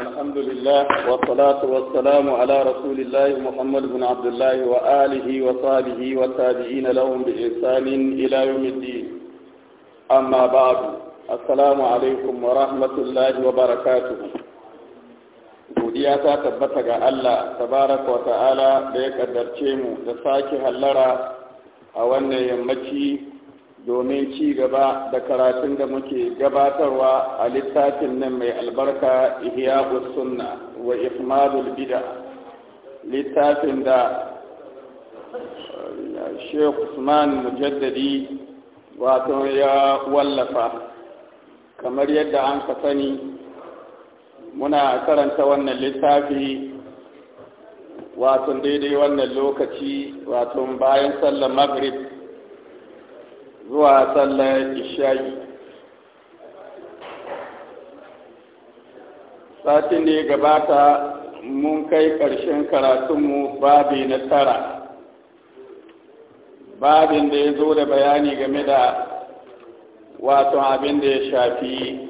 الحمد لله والصلاة والسلام على رسول الله محمد بن عبد الله وآله وصحبه والتابعين لهم بإحسان إلى يوم الدين أما بعد السلام عليكم ورحمة الله وبركاته godiya ta tabbata ga Allah tabaraka wa ta'ala da ya kaddarce mu da sake hallara a wannan yammaci domin ci gaba da karatun da muke gabatarwa a littafin nan mai albarka ihya sunna wa ikmalul bida littafin da eh, sheikh usman mujaddadi wato ya wallafa kamar yadda an ka sani muna karanta wannan littafi wato daidai wannan lokaci wato bayan sallar maghrib zuwa sallar ishayi. satin ne gabata mun kai ƙarshen karatunmu babi na tara babin da ya zo da bayani game da wato abin da ya shafi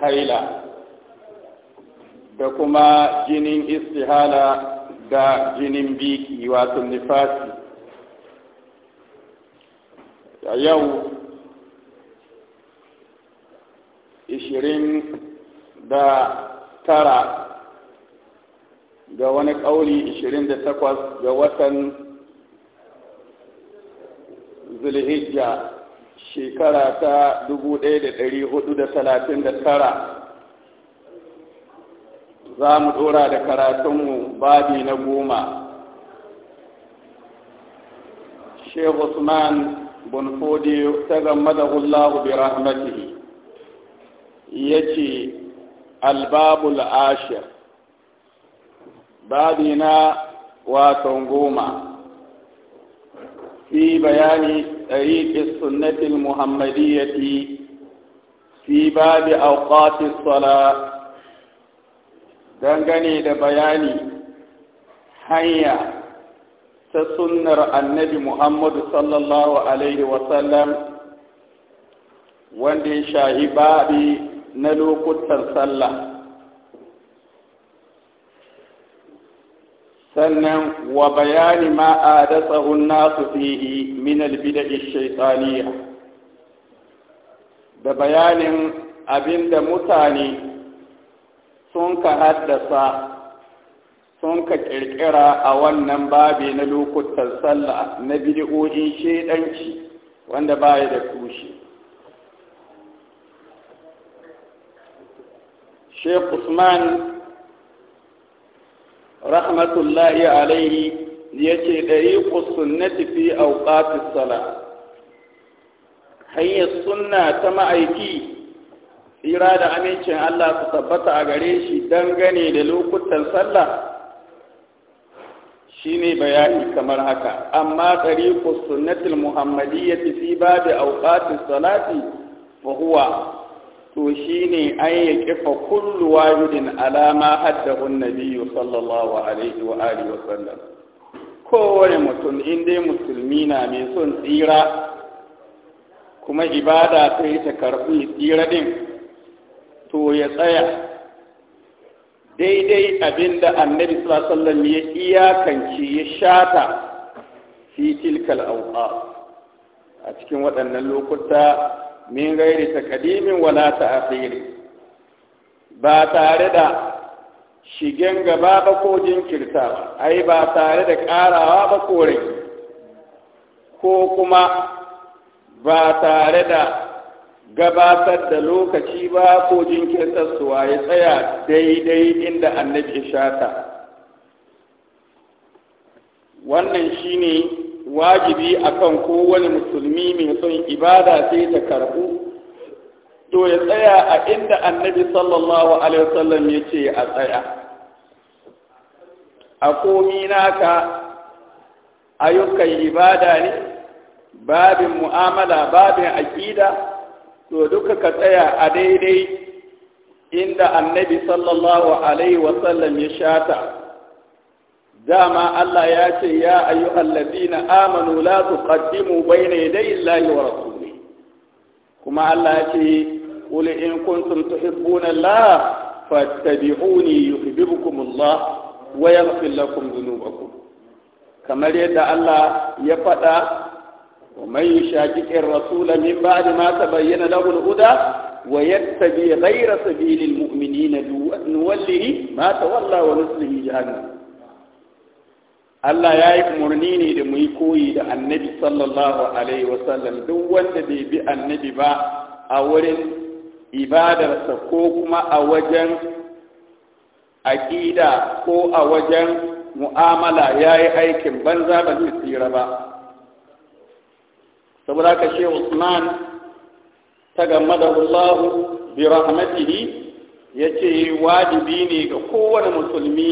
haila da kuma jinin istihala da jinin biki wato nifasi a yau ishirin da tara ga wani ƙauri ishirin da takwas ga watan zulhijja shekara ta dubu ɗaya da da ɗari hudu talatin tara, za mu ɗora da karatunmu babi na goma shehu usman bun fodi ta zama da hullahu bi rahmatihi ya ce albabul ashir babi na watan goma fi bayani ɗariƙi sunnatin muhammadiyyati fi babi auƙatis sala dangane da bayani hanya ta sunnar annabi Muhammadu sallallahu Alaihi wasallam wanda ya shahi babi na lokutan sallah sannan wa bayani ma a datsahun nasu fihi min albida'i shaitaniya da bayanin abinda mutane sun ka haddasa sun ka kirkira a wannan babi na lokutan sallah na bidi'o'in shedanci wanda ba ya da tushe Sheikh Usman rahmatullahi alaihi yace ku sunnati fi awqatis sala hanyar sunna ta ma'aiki tsira da amincin Allah su tabbata a gare shi dangane da lokutan sallah shine bayani kamar haka amma tariqu sunnatul muhammadiyyati fi babi awqatis salati wa huwa to shine an yaqifa kullu wahidin ala ma hadda an sallallahu alaihi wa alihi wa sallam kowane mutum in dai musulmi na mai son tsira kuma ibada ta yi ta karɓi tsira din to ya tsaya daidai abinda annabi sallallahu alaihi wasallam ya iyakanci ya shata fi tilkal awqa a cikin waɗannan lokuta min gairi takadimin wala ta'khiri ba tare da shigen gaba ba ko jinkirta ai ba tare da ƙarawa ba ko rage ko kuma ba tare da gabatar da lokaci ba ko jinkirtarsuwa ya tsaya daidai inda annabi ya shata wannan shine wajibi akan kowane musulmi mai son ibada sai ta karbu to ya tsaya a inda annabi sallallahu alaihi wasallam ya ce a tsaya a komi naka ayyukan ibada ne babin mu'amala babin aƙida to duka ka tsaya a daidai inda annabi sallallahu alaihi wasallam ya shata dama Allah ya ce ya ayyuhal ladina amanu la tuqaddimu bayna yaday Allahi wa rasulih kuma Allah ya ce qul in kuntum tuhibbuna Allah fattabi'uni yuhibbukum Allah wa yaghfir lakum dhunubakum kamar yadda Allah ya faɗa ومن يشاكك الرسول من بعد ما تبين له الهدى ويتبع غير سبيل المؤمنين نوله ما تولى ونسله جهنم Allah ya yi umarni ne da mu yi koyi da annabi sallallahu alaihi wasallam duk wanda bai bi annabi ba a wurin ibadarsa ko kuma a wajen aƙida ko a wajen mu'amala ya yi aikin banza ba zai tsira ba saboda ka ce usman ta da Allah bi rahmatihi yace wajibi ne ga kowane musulmi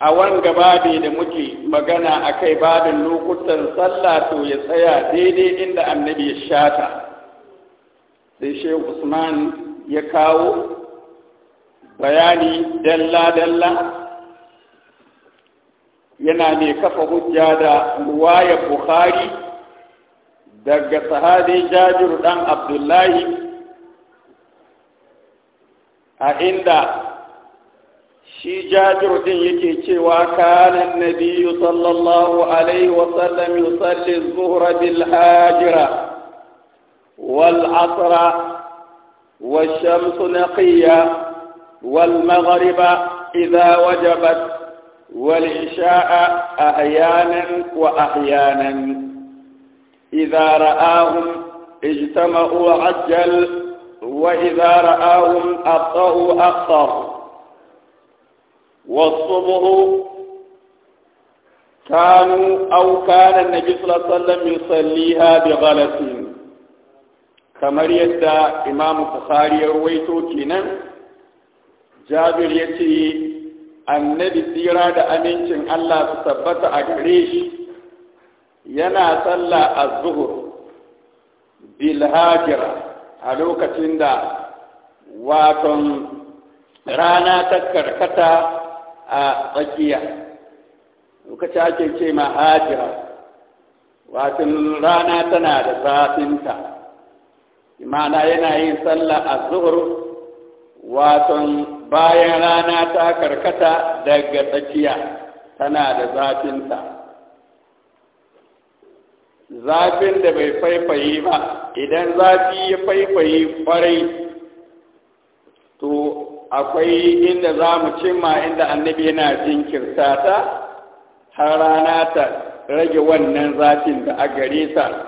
a wanga babi da muke magana a kai babin lokutan sallah to ya tsaya daidai inda annabi ya shata sai shehu usman ya kawo bayani dalla-dalla yana ne kafa hujja da ruwaya bukhari daga sahabi jabir dan abdullahi a inda shi jabir din yake cewa kana nabiyyu sallallahu alaihi wa sallam yusalli zuhra bil hajira wal asra naqiya wal maghriba idha wajabat والعشاء أحيانا وأحيانا إذا رآهم اجتمعوا عجل وإذا رآهم أخطأوا أخر والصبح كانوا أو كان النبي صلى الله عليه وسلم يصليها بغلس كما يدى إمام البخاري رويته كنا جابر يتي annabi tsira da amincin Allah su tabbata a gare shi yana sallah a zuhur bilhajira a lokacin da waton rana ta karkata a tsakiya lokacin ake ce ma hajira waton rana tana da zafinta imana yana yin sallah a zuhur waton bayan rana ta karkata daga tsakiya tana da zafinta zafin da bai faifaye ba idan zafi ya faifaye kwarai to akwai inda za mu cimma inda annabi yana jinkirta ta har rana ta rage wannan zafin da a gare ta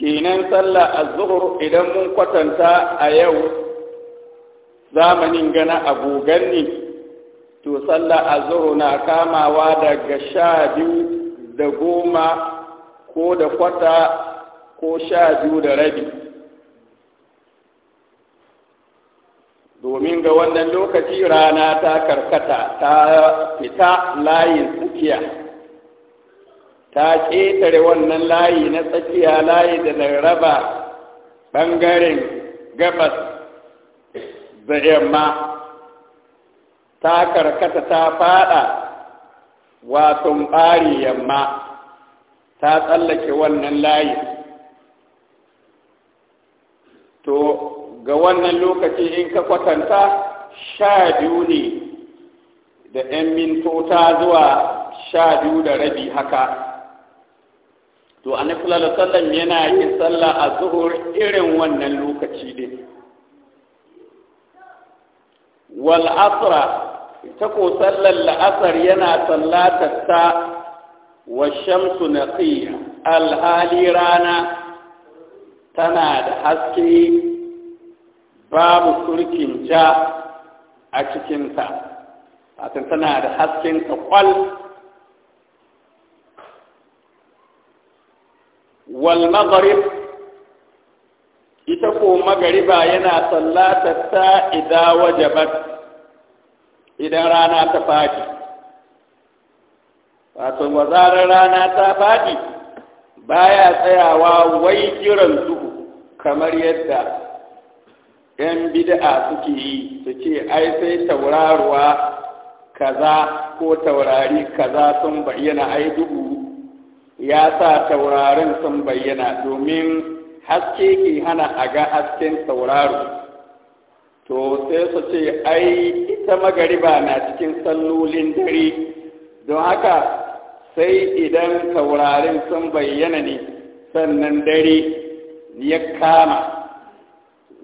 kenan sallah azhur idan mun kwatanta a yau zamanin gana agogan ne to sallah azhur na kamawa daga sha biyu da goma ko da kwata ko sha biyu da rabi domin ga wannan lokaci rana ta karkata ta fita layin tsakiya ta ƙetare wannan layi na tsakiya layi da na raba ɓangaren gabas da yamma ta karkata ta faɗa wato ɓari yamma ta tsallake wannan layi to ga wannan lokaci in ka kwatanta sha biyu ne da 'yan mintota zuwa sha biyu da rabi haka to annabi sallallahu alaihi yana yin sallah a zuhur irin wannan lokaci ne wal asra ita ko sallar la'asar yana sallatar ta wa shamsu naqiya alhali rana tana da haske babu surkin ja a cikinta, hakan tana da hasken kwal wal maghrib yana sallatar ta idan wajabat idan rana ta faɗi wato mazarar rana ta faɗi baya tsayawa wai jiran duhu kamar yadda 'yan bida'a suke yi su ai sai tauraruwa kaza ko taurari kaza sun bayyana ai duhu ya sa taurarin sun bayyana domin haske ke hana a ga hasken tauraro to sai su ce ai ita magariba na cikin sallolin dare don haka sai idan taurarin sun bayyana ne sannan dare ya kama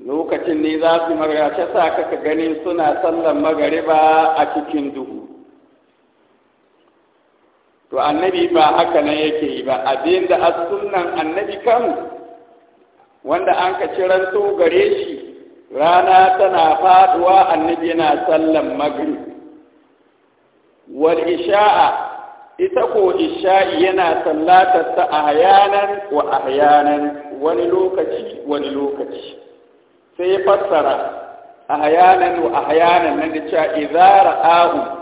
lokacin ne za su magarace sa kaka ganin suna sallan magariba a cikin duhu to annabi ba haka nan yake yi ba abin da as annabi kan wanda an ka ciranto gare shi rana tana faduwa annabi yana sallan maghrib wal isha'a ita ko isha'i yana sallatar ta ahyanan wa ahyanan wani lokaci wani lokaci sai ya fassara ahyanan wa ahyanan nan da cha idza ra'ahu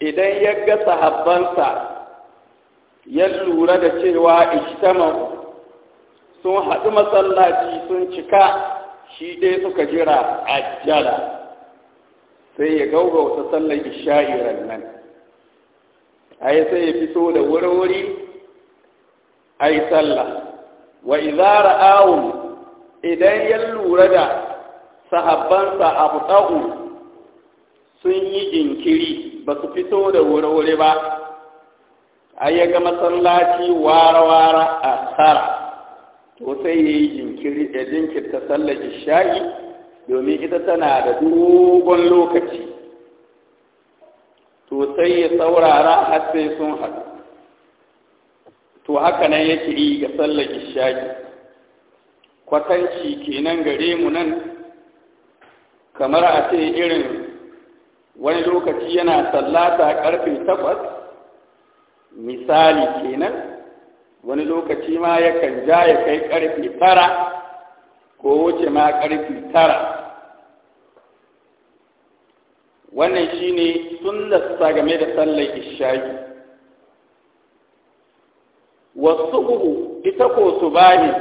idan ya ga sahabbansa ya lura da cewa ijtama'u sun haɗu masallaci sun cika shi dai suka jira ajjala sai ya wata sallar isha'iran nan ai sai ya fito da wuri-wuri ai sallah wa izara awun idan ya lura da sahabbansa abu sun yi jinkiri ba su fito da wuri-wuri ba a ya ga masallaci wara-wara a tsara to sai ya yi jinkiri ya jinkirta sallar sha'i domin ita tana da dogon lokaci to sai ya saurara har sai sun haɗu to haka nan ya yi ga sallar sha'i kwatanci kenan gare mu nan kamar a ce irin wani lokaci yana sallata karfe takwas misali kenan wani lokaci ma yakan ja ya kai karfe tara ko wuce ma karfe tara wannan shine sunnarsa game da sallar ishaki wasu uku ita ko su bani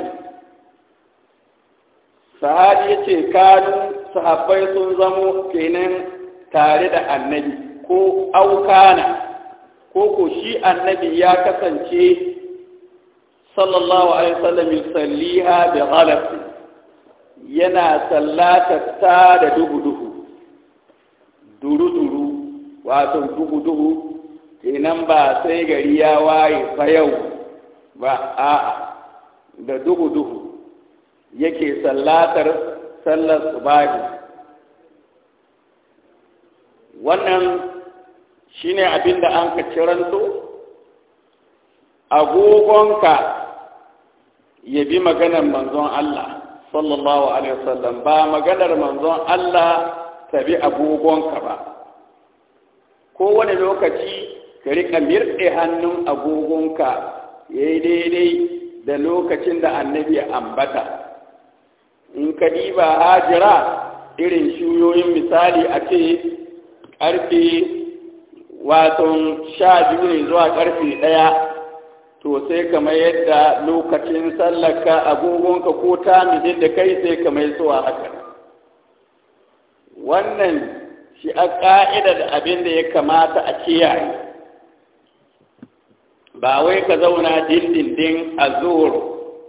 sahabi ya ce kanu sahabbai sun zamo kenan tare da annabi ko aukana ko ko shi annabi ya kasance sallallahu alaihi wasallam yusalliha bi ghalab yana sallata ta da duhu duhu duru duru wato duhu duhu kenan ba sai gari ya waye fa yau ba a'a da duhu duhu yake sallatar sallar subahi wannan shine abin da an ka ciranto agogonka ya bi maganar manzon Allah sallallahu alaihi wasallam ba maganar manzon Allah ta bi agogonka ba kowane lokaci ka riƙa mirɗe hannun agogonka ya yi daidai da lokacin da annabi ya ambata in ka ba hajira irin shuyoyin misali a ce ƙarfe waton sha biyu ne zuwa ƙarfe ɗaya to sai kamar yadda lokacin sallaka agogonka ko tamidin da kai sai kamar zuwa haka wannan shi a ƙa'ida da abin da ya kamata a kiyaye ba wai ka zauna dindindin a zuwar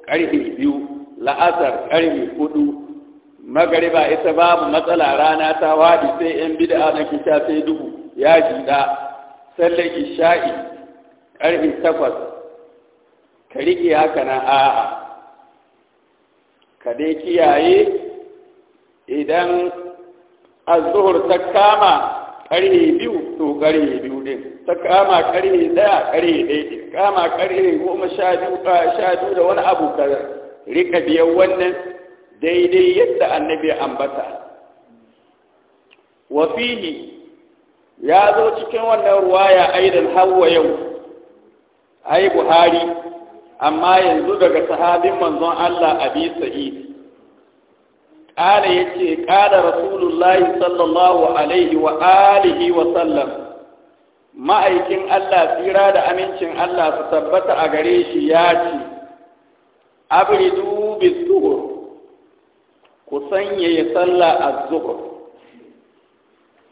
ƙarfe biyu la'asar ƙarfe hudu magariba ita babu matsala rana ta wadi sai yan bid'a na kisha sai dubu ya jida sallar isha'i ƙarfi takwas ka riƙe haka na a'a ka dai kiyaye idan azuhur ta kama ƙarfe biyu to ƙarfe biyu ɗin ta kama ƙarfe ɗaya ƙarfe ɗaya ɗin kama ƙarfe goma sha biyu da wani abu ka riƙa biyan wannan daidai yadda annabi ambata wa fihi ya zo cikin wannan ruwaya aidan hawa yau ai buhari amma yanzu daga sahabin manzon Allah abi sa'id qala yace qala rasulullahi sallallahu alaihi wa alihi wa sallam ma'aikin Allah tsira da amincin Allah su tabbata a gare shi ya ce abridu ku sanyaya sallah a zuhur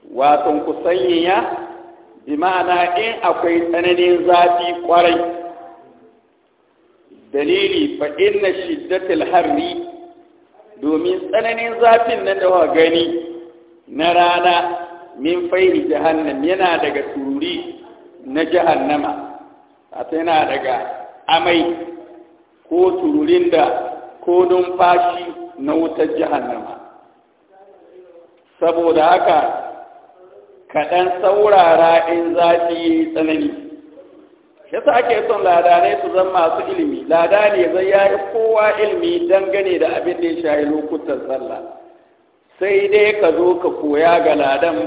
wato ku sanyaya bi ma'ana in akwai tsananin zafi kwarai dalili fa inna shiddatul harri domin tsananin zafin nan da gani na rana min faini jahannam yana daga tururi na jahannama ta yana daga amai ko tururin da ko numfashi na wutar jihannama, saboda haka kaɗan saurara in zafi yi tsanani sa ake son ladanai su zan masu ilimi lada ne zai ya yi kowa ilimi dangane da abin da ya shayi lokutan sallah sai dai ka zo ka koya ga ladan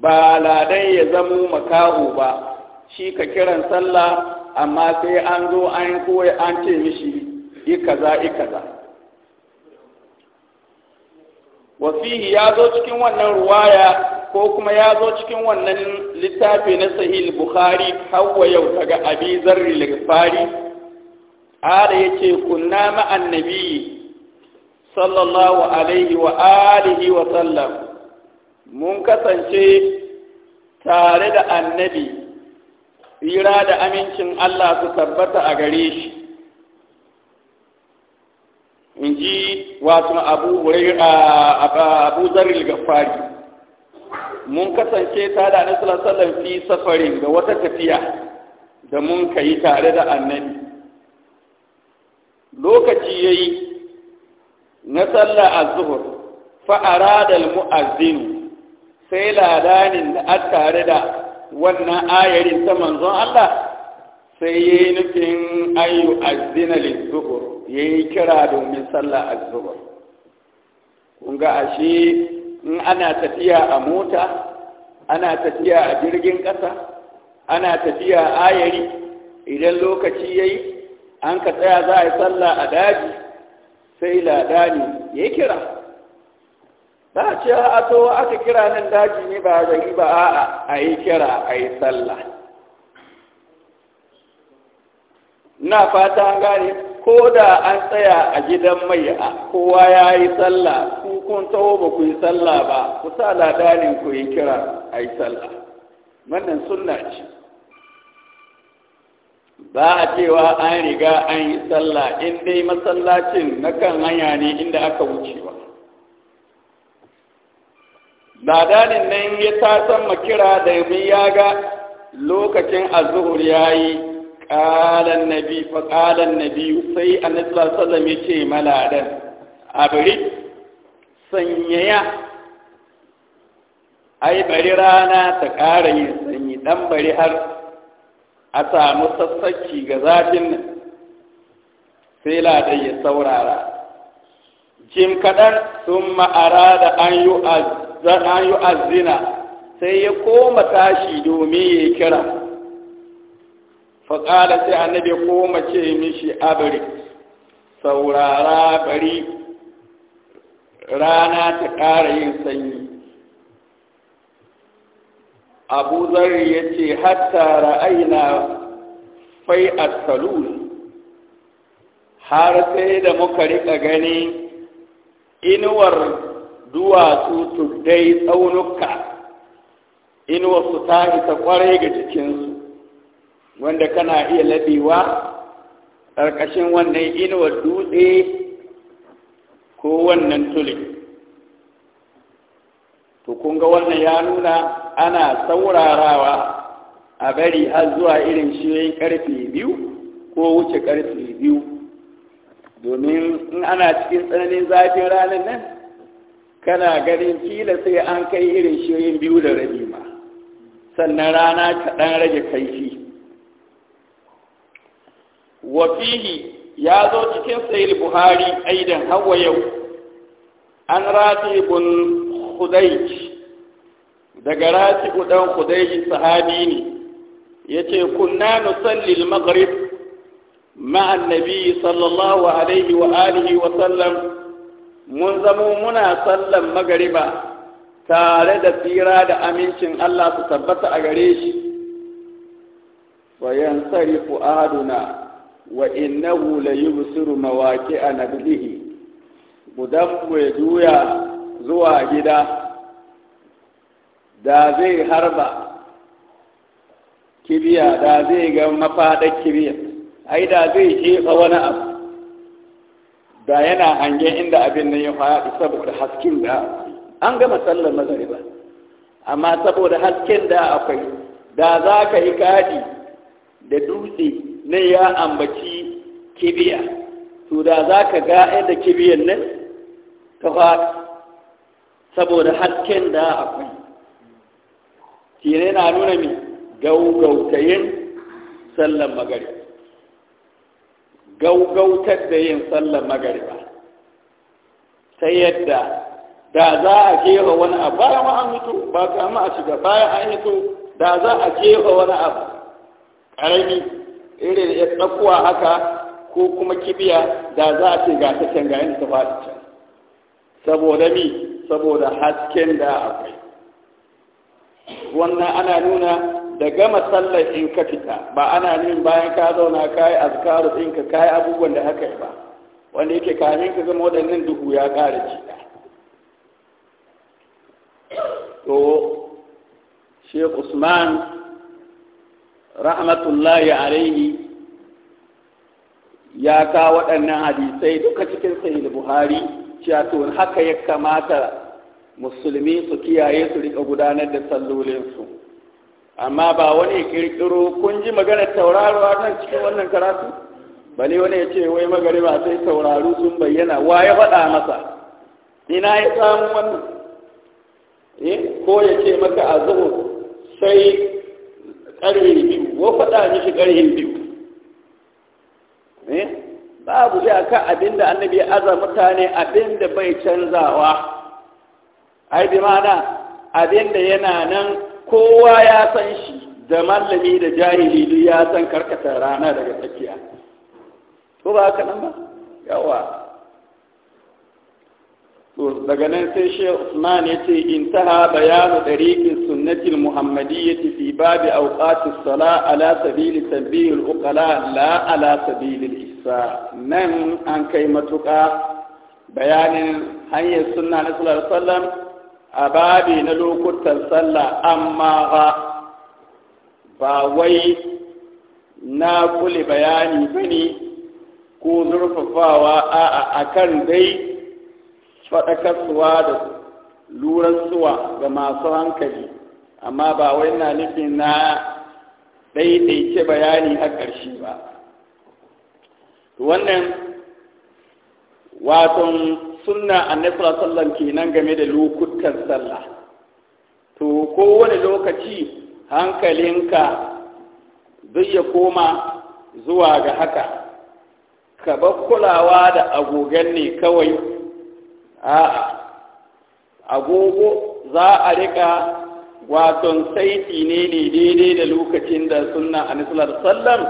ba ladan ya zamo makaho ba shi ka kiran sallah amma sai an zo an koya an ce mishi ikaza ikaza wafihi ya zo cikin wannan ruwaya ko kuma ya zo cikin wannan littafi na Sahil bukhari hawa yau daga abi zarri lirfari ara yace kunna ma annabi, sallallahu alaihi wa alihi wa sallam mun kasance tare da annabi tsira da amincin allah su tabbata a gare shi in ji wato abu wurin abu gafari mun kasance ta da annabi fi safarin ga wata tafiya da mun ka yi tare da annabi lokaci ya yi na sallar zuhur, fa da almu'azzin sai ladanin da a tare da wannan ayarin ta manzon Allah sai yi nufin ayu azzina zuhur. ya yi kira domin sallah zuba kun ga ashe in ana tafiya a mota ana tafiya a jirgin ƙasa ana tafiya a ayari idan lokaci ya yi an ka tsaya za a yi sallah a daji sai lada ne ya kira ba a ce a to aka kira nan daji ne ba yi ba a a yi kira a yi sallah na fata an gane ko da an tsaya a gidan mai a kowa ya yi sallah ku kun taho ba ku yi sallah ba ku sa ladanin ku yi kira a yi sallah wannan sunna ce ba a cewa an riga an yi sallah in dai masallacin na kan hanya ne inda aka wuce ba ladanin nan ya tasan makira da ya ga lokacin azuhur ya yi na biyu fa na biyu, sai annabi sallallahu ya ce maladan a bari sanyaya ai bari rana ta ƙara yin sanyi ɗan bari har a samu sassaki ga zafin nan sai ya saurara jim kaɗan sun ma'ara da an yi azina sai ya koma tashi domin ya kira faƙala sai annabi ko mace mishi abiri saurara bari rana ta ƙara yin sanyi abu zarri ya ce hatta ra'ayina fai a salun har sai da muka riƙa gani inuwar duwatsu tuddai tsaunuka inuwar su ta isa ƙwarai ga cikinsu. wanda kana iya labewa ƙarƙashin wannan inuwar dutse ko wannan tuli to kun ga wannan ya nuna ana saurarawa a bari har zuwa irin shiyoyin ƙarfe biyu ko wuce ƙarfe biyu domin in ana cikin tsananin zafin ranar nan kana ganin kila sai an kai irin shiyoyin biyu da rabi ma sannan rana kaɗan rage kaifi Wafihi ya zo cikin sahih buhari aidan hawa yau an ratibun khudayj daga ratibu ɗan khudayj sahabi ne yace kunna nusalli al-maghrib ma'a nabi sallallahu alaihi wa alihi wa sallam mun zamo muna sallan magariba tare da tsira da amincin Allah su tabbata a gare shi bayan sarifu aduna wa innahu la yubsiru mawaqi'a nabdihi budan ya duya zuwa gida da zai harba kibiya da zai ga mafaɗar kibiya ai da zai jefa wani abu da yana hangen inda abin nan ya faɗi saboda hasken da an gama sallar magariba amma saboda hasken da akwai da za ka yi kadi da dutse Ne ya ambaci kibiya to da za ka ga yadda kibiyan nan ta faɗi saboda hasken da akwai tire na nuna mi gaugautayin sallan magari gaugautar da yin sallan magari ba ta yadda da za a jefa wani abu bayan ma an mutu ba kama a shiga bayan an hito da za a jefa wani abu ƙarami irin ya tsakuwa haka ko kuma kibiya da za a ce ga ta can ga yadda ta faɗi can saboda mi saboda hasken da akwai wannan ana nuna da gama sallar in ka fita ba ana nuna bayan ka zauna ka yi azkaru ɗinka ka yi abubuwan da haka ba wanda yake kamin ka zama waɗannan duhu ya ƙara ciɗa to Sheikh Usman rahmatullahi alaihi ya ka waɗannan hadisai duka cikin sahih buhari cewa to haka ya kamata musulmi su kiyaye su rika gudanar da sallolinsu amma ba wani kirkiro kun ji magana tauraro a nan cikin wannan karatu bale wani ya ce wai ba sai tauraro sun bayyana wa ya faɗa masa ina ya samu wannan eh, ko ya ce maka a zuwa sai ƙarfe wa faɗa mishi ƙarhin biyu eh? babu ka abinda annabi ya aza mutane abinda bai canzawa ai bi mana abinda yana nan kowa ya san shi da mallami da jahili duk ya san karkata rana daga tsakiya ko ba haka nan ba yawa to daga nan sai shi Usman ya ce intaha bayanu dariqin sunnati muhammadiyyati fi babi awqatis sala ala sabili tanbihil uqala la ala sabilil isa nan an kai matuka bayanin hanyar sunna na sallallahu alaihi wasallam a babi na lokutan sallah amma ba ba wai na kule bayani bane ko zurfafawa a akan dai faɗakarsuwa da lurarsuwa ga masu hankali amma ba wai na nufin na ɗaiɗaice bayani a ƙarshe ba wannan waton sunna annabi ke kenan game da lokutan sallah to kowane lokaci hankalinka zai ya koma zuwa ga haka ka ba kulawa da agogan ne kawai a'a agogo za a rika waton saiti ne ne daidai da lokacin da sunna a nisalar sallam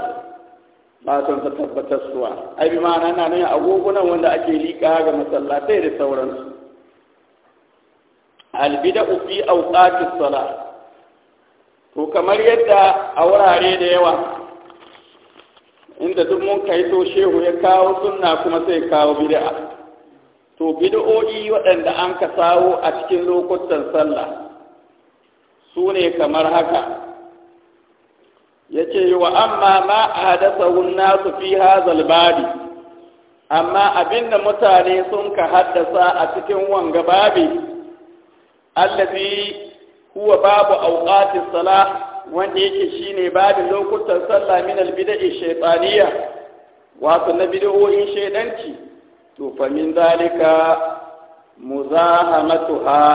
waton sa tabbatar suwa ai bi ma'ana na nan agogunan wanda ake liƙa ga masallatai da sauransu albida fi auqatis sala to kamar yadda a wurare da yawa inda duk mun kai to shehu ya kawo sunna kuma sai kawo bid'a to bid'o'i waɗanda an ka sawo a cikin lokutan sallah su ne kamar haka Yace ce wa amma ma a nasu fi hazal babi amma abinda mutane sun ka haddasa a cikin wanga babi allazi huwa babu auƙatin salah wanda yake shine babin lokutan sallah min albid'i shaytaniya wato na bid'o'in shaidanci. to fa min zalika muzahamatuha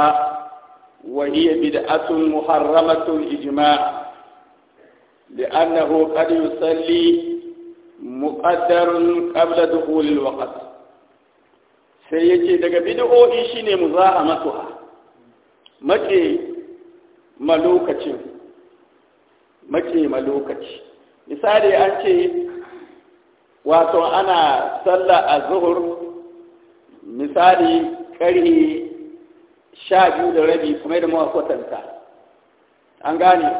wa hiya bid'atun muharramatun ijma' لأنه قد يصلي مقدر قبل دخول الوقت sai ce daga bid'o'i shine muzahamatuha make ma lokacin make ma lokaci misali an ce wato ana a zuhur. misali ƙarhe sha biyu da rabi kuma da muka an gane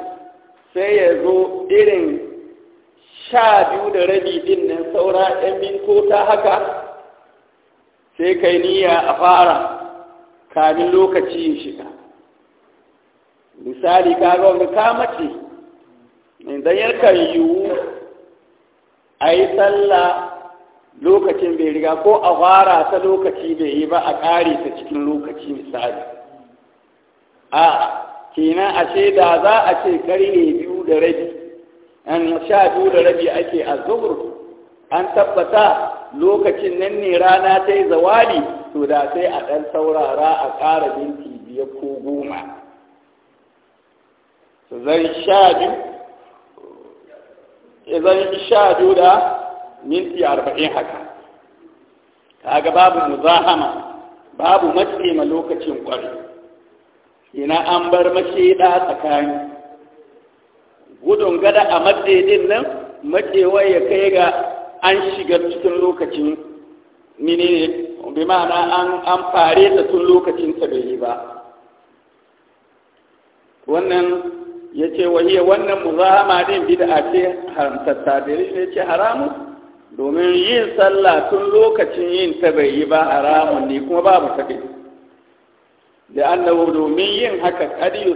sai ya zo irin sha biyu da rabi din nan saura ɗan mintota haka sai kai niyya a fara kamin lokaci ya shiga misali kaga wanda ka mace idan yarkar yiwu a yi sallah lokacin bai riga ko a fara ta lokaci bai yi ba a ƙare ta cikin lokaci misali a kenan a ce da za a ce karye biyu da rabi an sha biyu da rabi ake a zuhur an tabbata lokacin nan ne rana ta yi zawali to da sai a ɗan saurara a ƙara minti biyar ko goma zan sha biyu da minti arba'in haka kaga babu muzahama babu matse ma lokacin kwarai ina an bar mashaida tsakani gudun gada a matsayin nan matsewa ya kai ga an shiga cikin lokacin minine bi ma'ana an an fare ta tun lokacin ta bai yi ba wannan ya ce wahiyar wannan muzahama din bid'a ce haramtatta da ce haramun domin yin sallah tun lokacin yin ta bai yi ba haramun ne kuma babu ta da annabu domin yin haka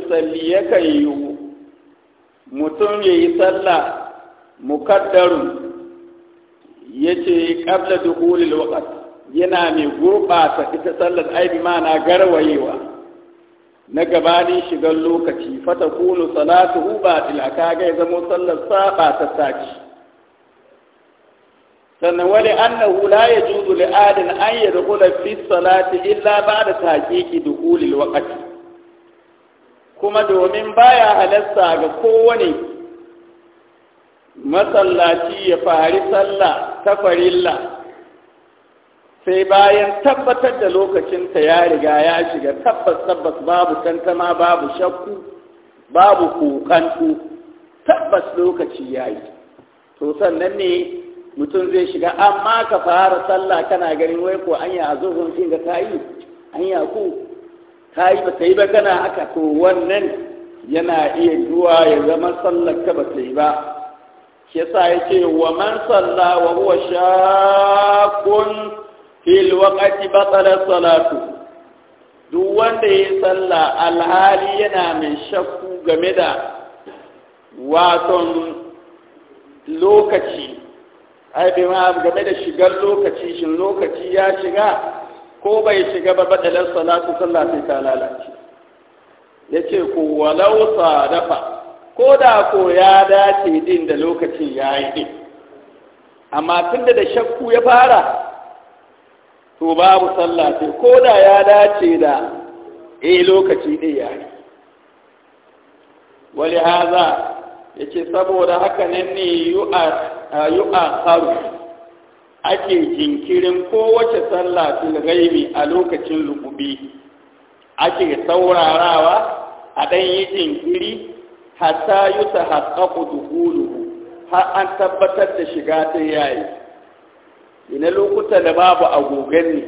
salli ya yakan yi mutum ya yi sallah mukaddarun ya ce ƙabla dukulil waqt yana mai gurɓata ita sallar aibi mana garwayewa na gabanin shigar lokaci fata kunu salatu, batila kaga ya zama sallar saɓa ta saci sannan wani annahu la juzu li adin an yadkhula fi salati illa ba'da da dukhulil waqti kuma domin baya halasta ga kowane masallaci ya fari sallah ta farilla sai bayan tabbatar da lokacinta ya riga ya shiga tabbas tabbas babu tantama babu shakku babu kokantu tabbas lokaci ya yi to sannan ne mutum zai shiga amma ka fara sallah kana ganin wai ko anya a zuhun shi ga yi. anya ku kayi ba ta ba kana haka to wannan yana iya zuwa ya zama sallar ka ba ta ba shi yasa yace wa man salla wa huwa shaqun fil waqti batala salatu duk wanda ya sallah alhali yana mai shakku game da waton lokaci ai bai ma game da shigar lokaci shin lokaci ya shiga ko bai shiga ba badalar salatu sallah sai ta lalace ya ce ko walau sadafa ko da ko ya dace din da lokacin ya yi din amma tunda da shakku ya fara to babu sallah sai ko da ya dace da e lokaci din ya yi wali haza ya ce saboda haka nan ne yu'ar yu'akharu ake jinkirin kowace sallah fil ghaibi a lokacin lukubi ake saurarawa a dan yi jinkiri hatta yutahaqqaqu dukhuluhu har an tabbatar da shiga ta yayi ina lokuta da babu agogan ne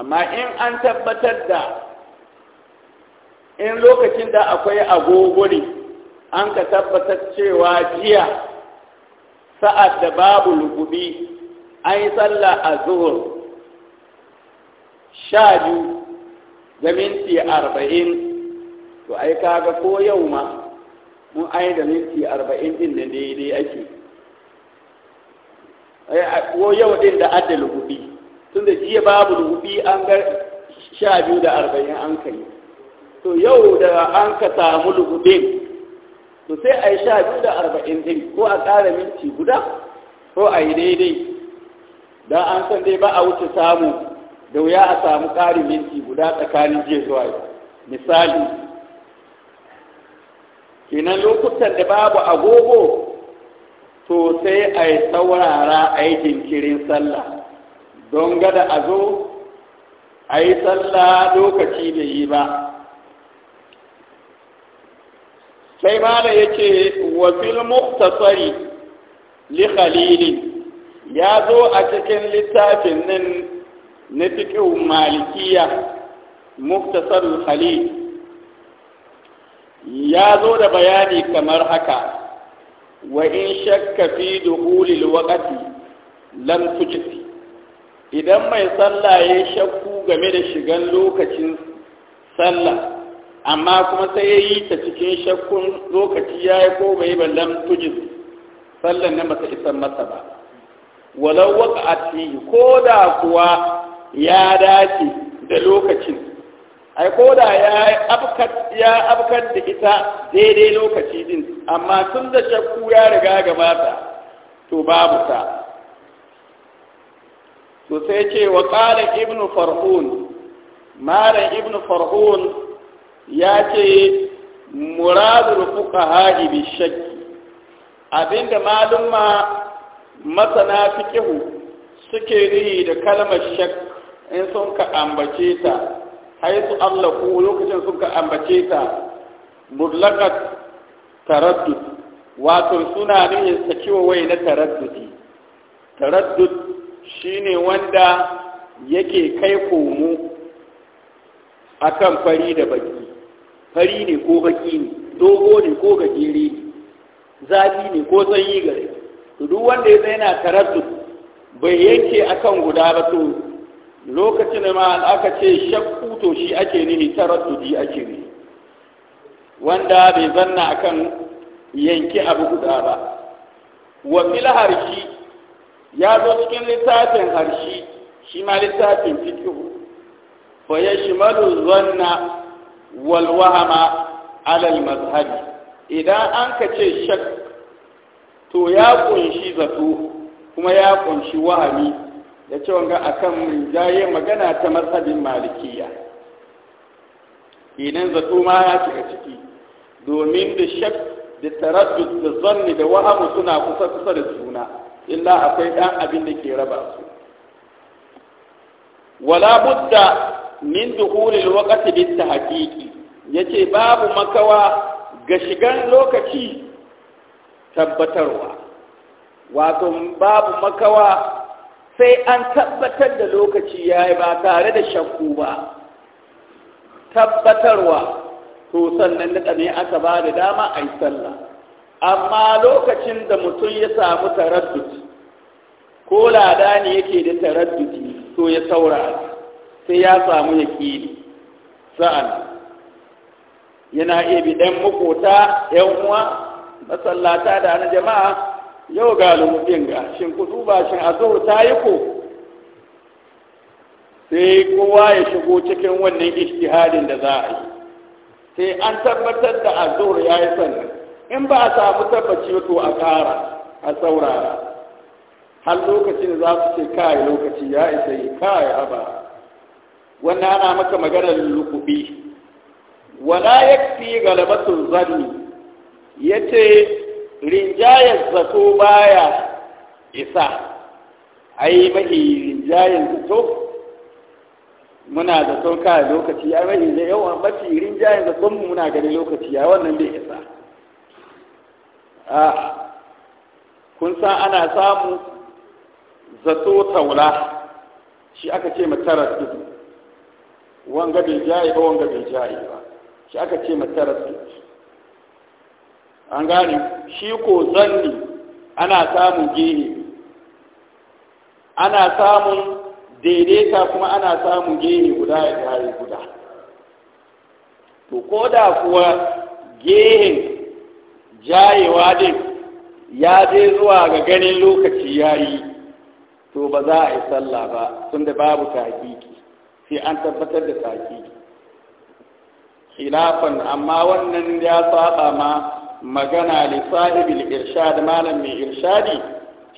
amma in an tabbatar da in lokacin da akwai agogo ne an ka tabbatar cewa jiya sa'ad da babu lugubi an yi sallah a zuhur sha biyu da minti arba'in to ai kaga ko yau ma mun ai da minti arba'in din da daidai ake ko yau din da adda lugubi tun da jiya babu lugubi an ga sha biyu da arba'in an kai to yau da an ka samu lugubin to sai a yi sha biyu da arba'in din ko a ƙara minti guda ko a yi daidai don an san dai ba a wuce samu da wuya a samu ƙarin minti guda tsakanin jiya zuwa yi misali kenan lokutan da babu agogo to sai a yi saurara a yi jinkirin sallah don gada a zo a yi sallah lokaci da yi ba sai mala yace wa fil mukhtasari li ya zo a cikin littafin nan na fiqh malikiya muktasar khalil ya zo da bayani kamar haka wa in shakka fi duhulil waqti lam tujzi idan mai sallah ya shakku game da shigan lokacin sallah amma kuma sai ya yi ta cikin shakkun lokaci ya yi ko bai ballan tujin sallan nan bata isan masa ba walau waka a ko da kuwa ya dace da lokacin ai ko da ya abkar ya da ita daidai lokaci din amma tun da shakku ya riga gabata to babu ta to sai ce wa qala ibnu farhun mara ibnu farhun ya ce muradul fuqaha bi shakki abinda malumma masana fikihu suke rihi da kalmar shak in sun ka ambace ta haitu Allah ko lokacin sun ka ambace ta mutlaqat taraddud wato suna rihi sakiwa wai na taraddudi taraddud shine wanda yake kai komo akan fari da baki fari ne ko baki ne dogo ne ko gajere ne zafi ne ko tsayi gare to duk wanda ya zaina taraddu bai yanke akan guda ba to lokacin ma aka ce shakku to shi ake nihi ji ake ne wanda bai zanna akan yanke abu guda ba wa fil harshi ya zo cikin littafin harshi shi ma littafin fiqh fa yashmalu zanna walwahama wahama alal mazhabi idan an ka ce shak to ya kunshi zato kuma ya kunshi wahami da cewa ga akan rinjaye magana ta mazhabin malikiya idan zato ma ya shiga ciki domin da shak da taraddud da zanni da wahamu suna kusa kusa da juna illa akwai ɗan abin da ke raba su wala budda min dukhulil waqti bit tahqiqi ya ce babu makawa ga shigan lokaci tabbatarwa wato babu makawa sai an tabbatar da lokaci ya yi ba tare da shakku ba tabbatarwa to sannan da ne aka ba da dama a yi sallah amma lokacin da mutum ya samu taraddudi ko lada ne yake da taraddudi to ya saurara sai ya samu ya yaƙini sa'an yana iya ɗan makota yan uwa masallata da na jama'a yau ga lumubin ga shin ku duba shin zo ta yi ko sai kowa ya shigo cikin wannan ishtihadin da za a yi sai an tabbatar da Azur ya yi sannan in ba a samu tabbaci to a ƙara a saurara har lokacin za su ce kai lokaci ya isa yi kai ba? wannan ana maka maganar lukubi wala yakfi galabatul zanni yace rinjayar zato baya isa ai mahi rinjayar zato muna da sauka da lokaci ai mahi da yawa mafi rinjayar zato mu muna ganin lokaci ya wannan bai isa a kun san ana samu zato taula shi aka ce matarar tudu wanga bai jaye ba wanga bai jaye ba shi aka ce matarasu an gane shi ko zanni ana samun gini ana samun daidaita kuma ana samun gini guda ya tare guda to ko da kuwa gehen jayewa din ya je zuwa ga ganin lokaci ya yi to ba za a yi sallah ba tun da babu taƙiƙi sai an tabbatar da taƙiƙi khilafan amma wannan ya saba ma magana li sahibil irshad malam mai irshadi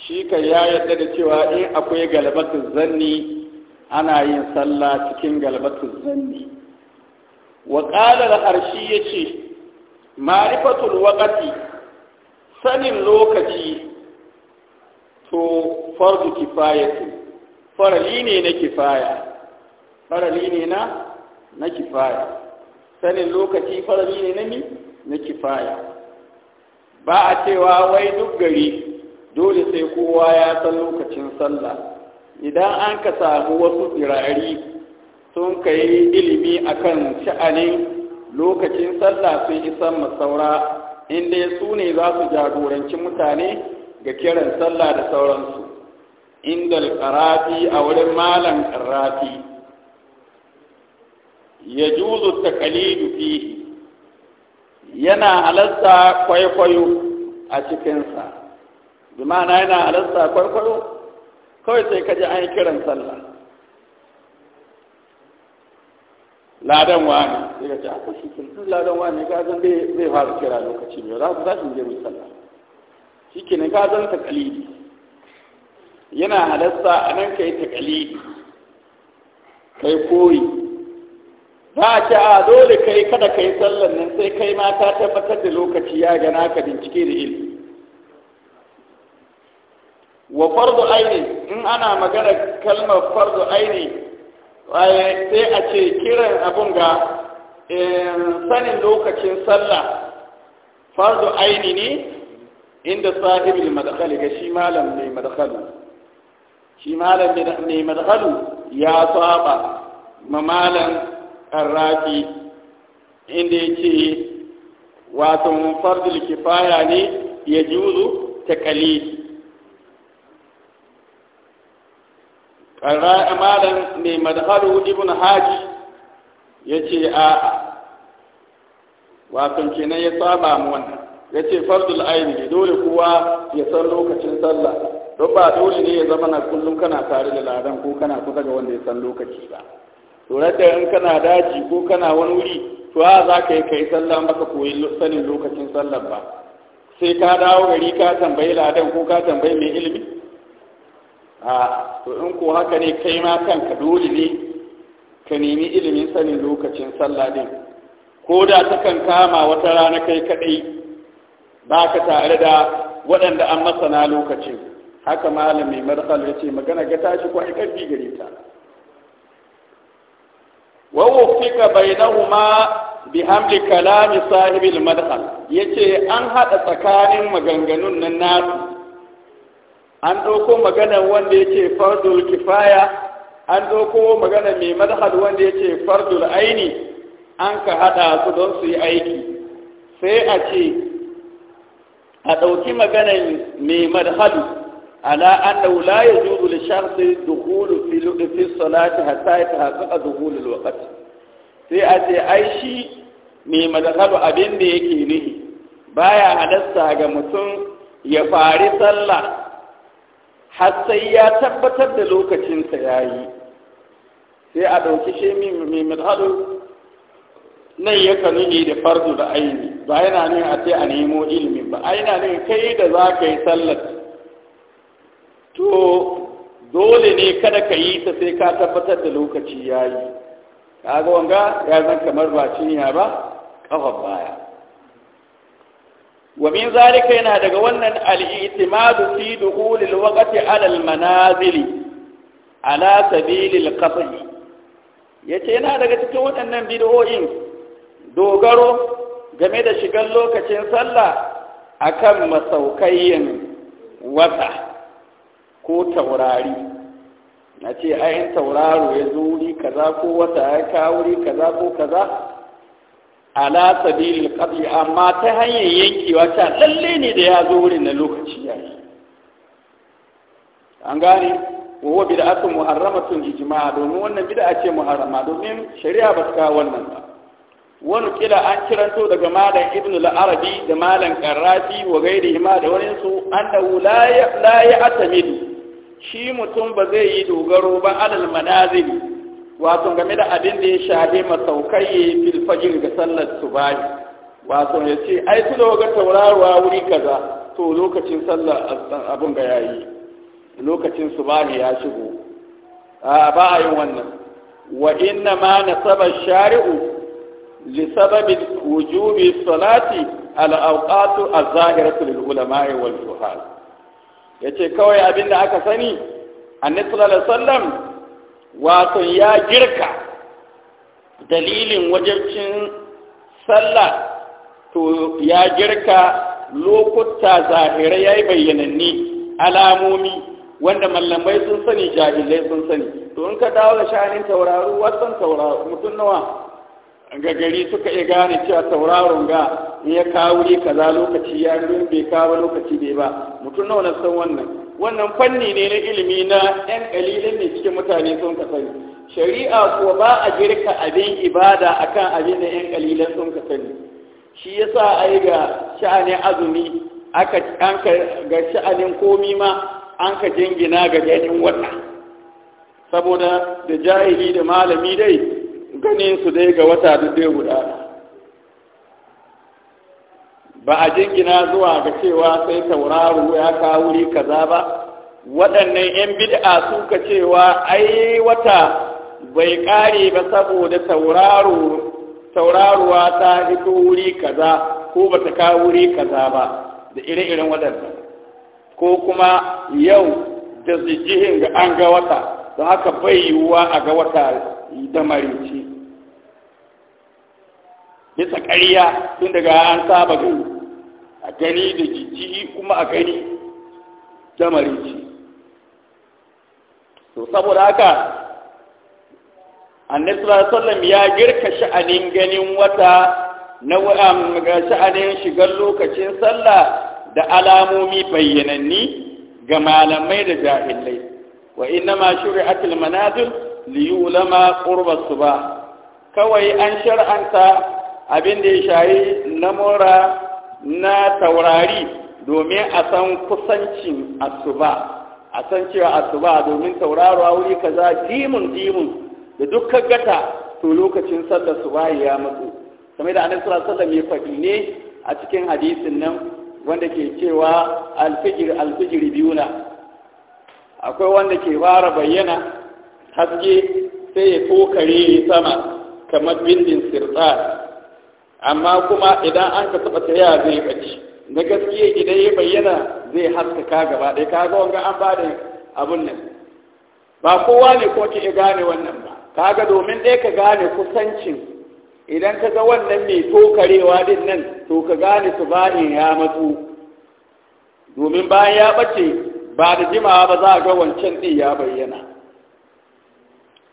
shi kai ya yadda da cewa in akwai galbatu zanni ana yin sallah cikin galbatu zanni wa qala al-arshi yace ma'rifatul waqti sanin lokaci to fardu kifayatu farali ne kifaya farali ne na na kifaya sanin lokaci farami ne na mi na kifaya ba a cewa wai duk gari dole sai kowa ya san lokacin sallah idan an ka samu wasu tsirari sun ka yi ilimi kan sha'anin lokacin sallah sun isan masaura inda su ne za su jagoranci mutane ga kiran sallah da sauransu inda al a wurin malam ƙarrafi ya juzu takalidu fihi yana halarta kwaikwayo a cikinsa bi ma'ana yana halarta kwaikwayo kawai sai kaji an yi kiran sallah ladan wani sai ka ce aka ah, shi kirkin ladan wani ka zan zai fara kira lokaci ne za su za su je mu sallah shi ke ka zan takalidi yana halarta a nan ka yi takalidi kai koyi ba a ce a dole kai kada ka yi sallan nan sai kai ma ta tabbatar da lokaci ya gana ka bincike da ilimi wa fardu aini in ana magana kalmar fardu aini sai a ce kiran abun ga eh, sanin lokacin sallah fardu aini ne inda sahibi madakhali ga shi malam mai madkhalu shi malam mai madkhalu ya saba ma malam karraki inda ya ce wato fardul kifaya ne ya juzu ta kali karraki malam mai madharu ibn haji ya ce a wato kenan ya saba mu wanda. ya ce fardul aini ne dole kowa ya san lokacin sallah don ba dole ne ya zama na kullum kana tare da ladan ko kana kusa ga wanda ya san lokaci ba to ce in kana daji ko kana wani wuri to a za ka yi kai sallah baka koyi sanin lokacin sallah ba sai ka dawo gari ka tambayi ladan ko ka tambayi mai ilimi a to in ko haka ne kai ma kanka dole ne ka nemi ilimin sanin lokacin sallah din ko da ta kama wata rana kai kaɗai, ba ka tare da waɗanda an masana lokacin haka malami marhal ya ce magana ga tashi ko ai ƙarfi gare ta wa wufika bainahuma bi hamli kalami sahibil madhal yace an hada tsakanin maganganun nan nasu an ɗauko magana wanda yace fardul kifaya an ɗauko magana mai madhal wanda yace fardul aini an ka hada su don su yi aiki sai a ce a dauki maganar mai madhalu على أنه لا يجوز للشخص دخول في في الصلاة حتى يتحقق دخول الوقت sai a ce ai shi mai madakalu abin da yake nihi baya halasta ga mutum ya fari sallah har ya tabbatar da lokacinsa ya yi sai a ɗauki shi mai madakalu nan ya kanu ne da fardu da aini ba yana ne a ce a nemo ilimin ba aina ne kai da za ka sallar to dole ne kada ka yi ta sai ka tabbatar da lokaci ya yi kaga wanga ya zan kamar ba cinya ba kafa baya wa min zalika yana daga wannan al-i'timadu fi dukhul al-waqti ala al-manazil ala sabil qasd yace yana daga cikin waɗannan bid'o'in dogaro game da shigan lokacin sallah akan masaukayin wata ko taurari na ce ayin tauraro ya zo wuri kaza ko wata ya kawo wuri kaza ko kaza ala sabilil qabli amma ta hanyar yankewa ta lalle ne da ya zo wurin na lokaci ya yi. an gane wa huwa bid'atun muharramatun ijma'a domin wannan bid'a ce muharrama domin shari'a ba su kawo wannan ba wani kila an kiranto daga malam ibn al-arabi da malam karrafi wa gaida ma da wani su annahu la ya'tamidu shi mutum ba zai yi dogaro ba alal manazili wato game da abin da ya shafi masaukaye filfajin ga sallar su subahi wato ya ce ai su daga tauraruwa wuri kaza to lokacin sallar abin ga yayi lokacin su subahi ya shigo a ba a yin wannan wa inna ma nasaba shari'u li sababi wujubi salati al awqatu az-zahiratu lil ulama'i wal fuqaha ya ce kawai abin da aka sani annabi sallallahu alaihi wasallam wato ya girka dalilin wajibcin sallah to ya girka lokuta zahirai ya yi bayyananni alamomi wanda mallamai sun sani jahilai sun sani to in ka dawo da sha'anin tauraro wasan tauraro mutum nawa ga gari suka iya gane cewa tauraron ga ya kawo ne kaza lokaci ya rin bai kawo lokaci bai ba mutum nawa na san wannan wannan fanni ne na ilimi na yan kalilin ne cikin mutane sun ka sani shari'a kuwa ba a girka abin ibada akan abin da yan kalilan sun ka sani shi yasa ai ga sha'anin azumi aka an ka ga sha'anin komi ma an ka jingina ga ganin wannan saboda da jahili da malami dai ganin su dai ga wata duk dai guda ba a jingina zuwa ga cewa sai tauraro ya kawo wuri kaza ba waɗannan 'yan bid'a suka cewa ai wata bai ƙare ba saboda tauraru tauraruwa ta hito wuri kaza ko ba ta kawo wuri kaza ba da ire-iren waɗannan ko kuma yau da zijihin ga an ga wata don haka bai yiwuwa a ga wata da marici bisa ƙarya tun daga an saba gani a gani da jijji kuma a gani da marici to saboda haka annabi sallallahu ya girka sha'anin ganin wata na sha'anin shigar lokacin sallah da alamomi bayyananni ga malamai da jahilai wa inna shuri'at al-manazil li yulama qurba suba kawai an shar'anta abin da ya shayi na mora na taurari domin a san kusancin asuba a san cewa asuba domin tauraro a wuri kaza dimun dimun da dukkan gata to lokacin sallar suba ya matsu kamar da annabi sallallahu alaihi wasallam ya faɗi ne a cikin hadisin nan wanda ke cewa alfijir alfijir biyu na akwai wanda ke fara bayyana haske sai ya kokare sama kamar bindin sirta amma kuma idan an ka taba tsaya zai bace, na gaskiya idan ya bayyana zai haskaka gaba ɗaya ka ga wanga an ba da abun nan ba kowa ne ko ki gane wannan ba Ka ga domin ɗaya ka gane kusancin idan ka ga wannan mai tokarewa din nan to ka gane su bayan ya matsu domin bayan ya ɓace ba da jimawa ba za a ga wancan ɗin ya bayyana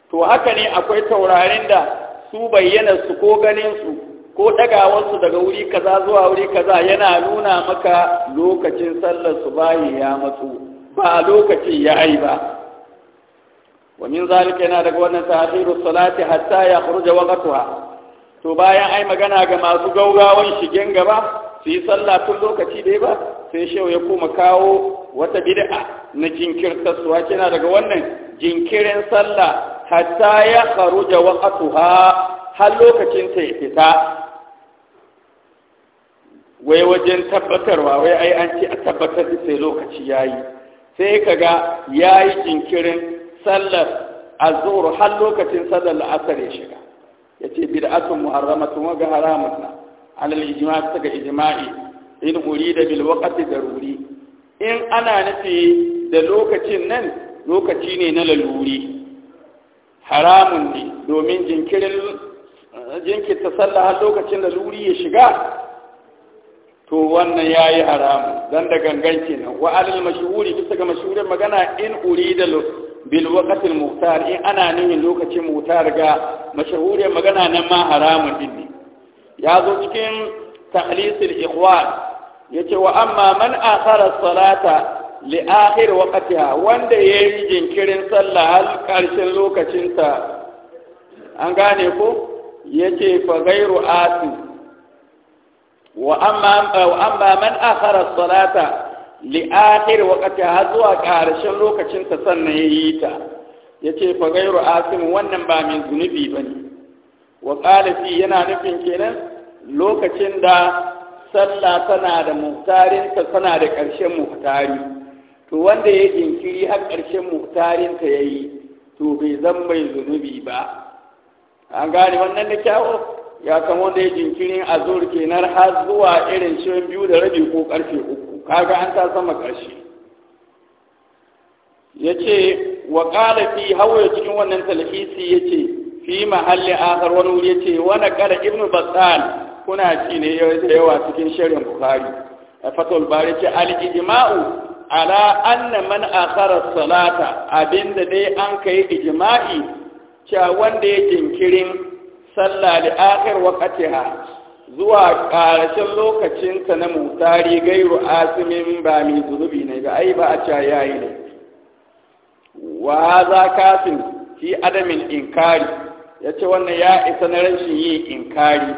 to haka ne akwai taurarin da su bayyana su ko ganinsu, su ko ɗagawarsu daga wuri kaza zuwa wuri kaza yana nuna maka lokacin sallar su ya matsu ba lokacin ya yi ba wa min yana daga wannan ta'khiru salati hatta ya khruja waqtuha to bayan ai magana ga masu gaugawan shigen gaba su yi sallah tun lokaci da ba sai shehu ya koma kawo wata bid'a na jinkirta suwa kina daga wannan jinkirin sallah hatta ya kharuja waqtuha har lokacin ta fita wai wajen tabbatarwa wai ai an ce a tabbatar da sai lokaci ya yi. sai kaga yi jinkirin sallar azhur har lokacin sallar la'asar ya shiga Ya yace bid'atun muharramatun ga haramatun alal ijma bisa ga ijma'i in urida bil waqti daruri in ana nufi da lokacin nan lokaci ne na laluri haramun ne domin jinkirin jinkirta sallah lokacin da laluri ya shiga to wannan ya yi haramu don da gangan kenan wa alal mashuhuri bisa ga mashhurin magana in urida bil waqtil muhtar in ana nufin lokacin muhtar ga mashhurin magana nan ma haramun din ne ya zo cikin tahlisul ikhwan yace wa amma man akhara salata li akhir waqtiha wanda yayi jinkirin sallah har karshen lokacinta an gane ko yace fa ghairu asin wa amma wa amma man akhara salata li akhir waqtiha zuwa karshen lokacinta sannan yayi ta yace fa ghairu asin wannan ba min zunubi bane wa ƙalafi yana nufin kenan lokacin da sallah tana da muhtarinta tana da ƙarshen muhtari to wanda ya jinkiri har ƙarshen muhtarinta ya yi to bai zan mai zunubi ba an gane wannan da kyawo ya kama wanda ya jinkirin a kenan har zuwa irin shirin biyu da rabi ko ƙarfe uku kaga an ta sama ƙarshe ya ce wa ƙalafi hawa cikin wannan talhisi ya ce fi mahalli akhar wani wuri yace wani kala ibn basan kuna ci ne da yawa cikin shirin bukhari fatul bari ce al ijma'u ala anna man akhara salata abinda dai an kai ijma'i cewa wanda ya jinkirin sallah li akhir waqtiha zuwa lokacin lokacinta na mutari gairu asimin ba mai zunubi ne ba ai ba a cewa yayi ne wa za kafin fi adamin inkari ya ce wannan ya isa na rashin yi inkari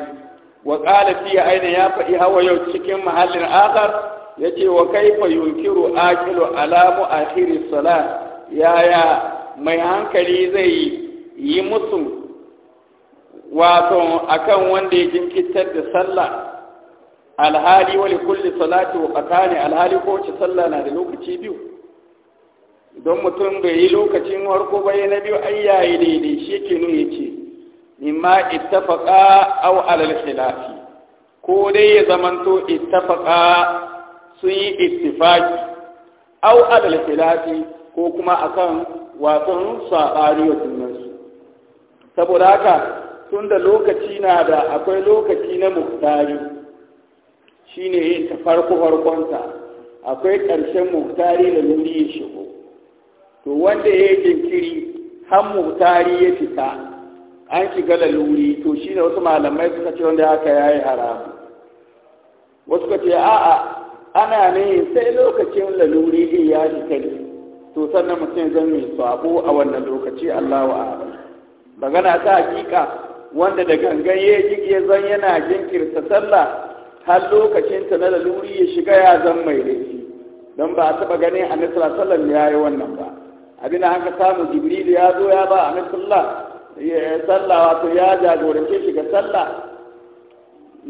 wa ƙala fiye aina ya faɗi hawa yau cikin mahallin akar ya ce wa kaifa yunkiru akilu alamu akhiri sala yaya mai hankali zai yi musu wato akan wanda ya jinkitar da sallah alhali wani kulle salatu wa qatani alhali ko wace sallah na da lokaci biyu don mutum bai yi lokacin harko bai na biyu an yayi daidai shi ke nuna ce mimma ittafaqa aw alal khilafi ko dai ya zamanto ittafaqa sun yi ittifaqi aw alal khilafi ko kuma akan wasan sabani wa junansu saboda haka tunda lokaci na da akwai lokaci na muktari shine ta farko farkonta akwai ƙarshen muktari da nuni ya shigo to wanda ya yi jinkiri har tari ya fita an shiga laluri to shi ne wasu malamai suka ce wanda haka ya yi haramu wasu ka ce a'a ana ne sai lokacin laluri din ya shiga ne to sannan mutum zan mai sabo a wannan lokaci Allah wa magana ta hakika wanda da gangan ya ji ya zan yana jinkirta sallah har lokacin ta na laluri ya shiga ya zan mai laifi don ba a taba ganin annabi sallallahu alaihi wasallam ya yi wannan ba abin da haka samu jibrilu. ya zo ya ba amin sallah sallah wato ya jagorance shi ga sallah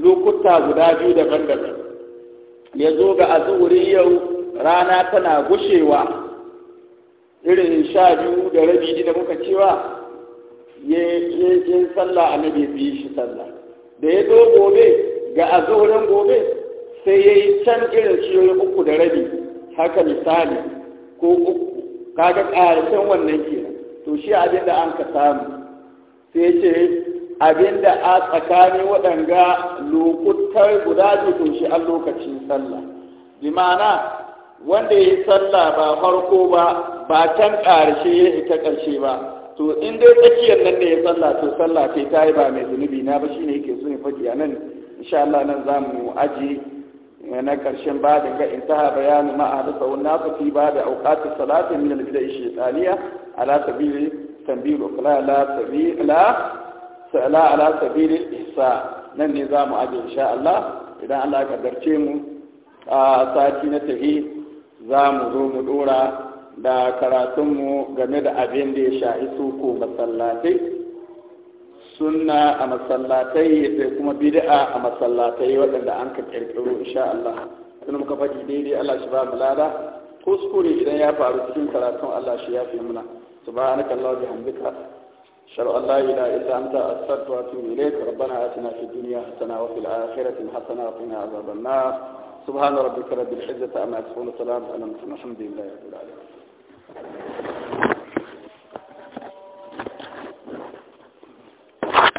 lokuta guda biyu daban-daban ya zo ga azuri yau rana tana gushewa irin sha biyu da rabi da muka cewa ya yi sallah annabi ya yi shi sallah da ya zo gobe ga Azurin gobe sai ya yi can irin shiyoyi uku da rabi haka misali ko uku kaga ƙarshen wannan ke to shi abin da an ka samu sai ce abin da a tsakanin waɗanga lokutar guda da to shi lokacin sallah bi ma'ana wanda ya yi sallah ba farko ba ba can ƙarshe ya ita ƙarshe ba to in dai tsakiyar nan ne ya sallah to sallah ce ta yi ba mai zunubi na ba shine yake so ne faɗi a nan insha Allah nan za mu aji. na karshen da ga intaha bayanin ma a hadasa wani nasu fi ba da aukatu salatin min shi taliya ala sabili tambiru kula la sabili la ala sabili isa nan ne zamu aje insha Allah idan Allah ya kaddarce mu a sati na tafi za mu zo mu dora da karatun mu game da abin da ya shahi su ko masallatai sunna a masallatai da kuma bid'a a masallatai waɗanda an ka kirkiro insha Allah tun muka faɗi daidai Allah shi ba mu lada kuskure idan ya faru cikin karatun Allah shi ya fi muna subhanaka Allah bihamdika shar Allah ila illa anta astaghfiruka wa atubu ilayk rabbana atina fid dunya hasana wa fil akhirati hasana wa qina adhaban nar subhana rabbika rabbil izzati amma yasifun salamun ala mursalin alhamdulillahi rabbil alamin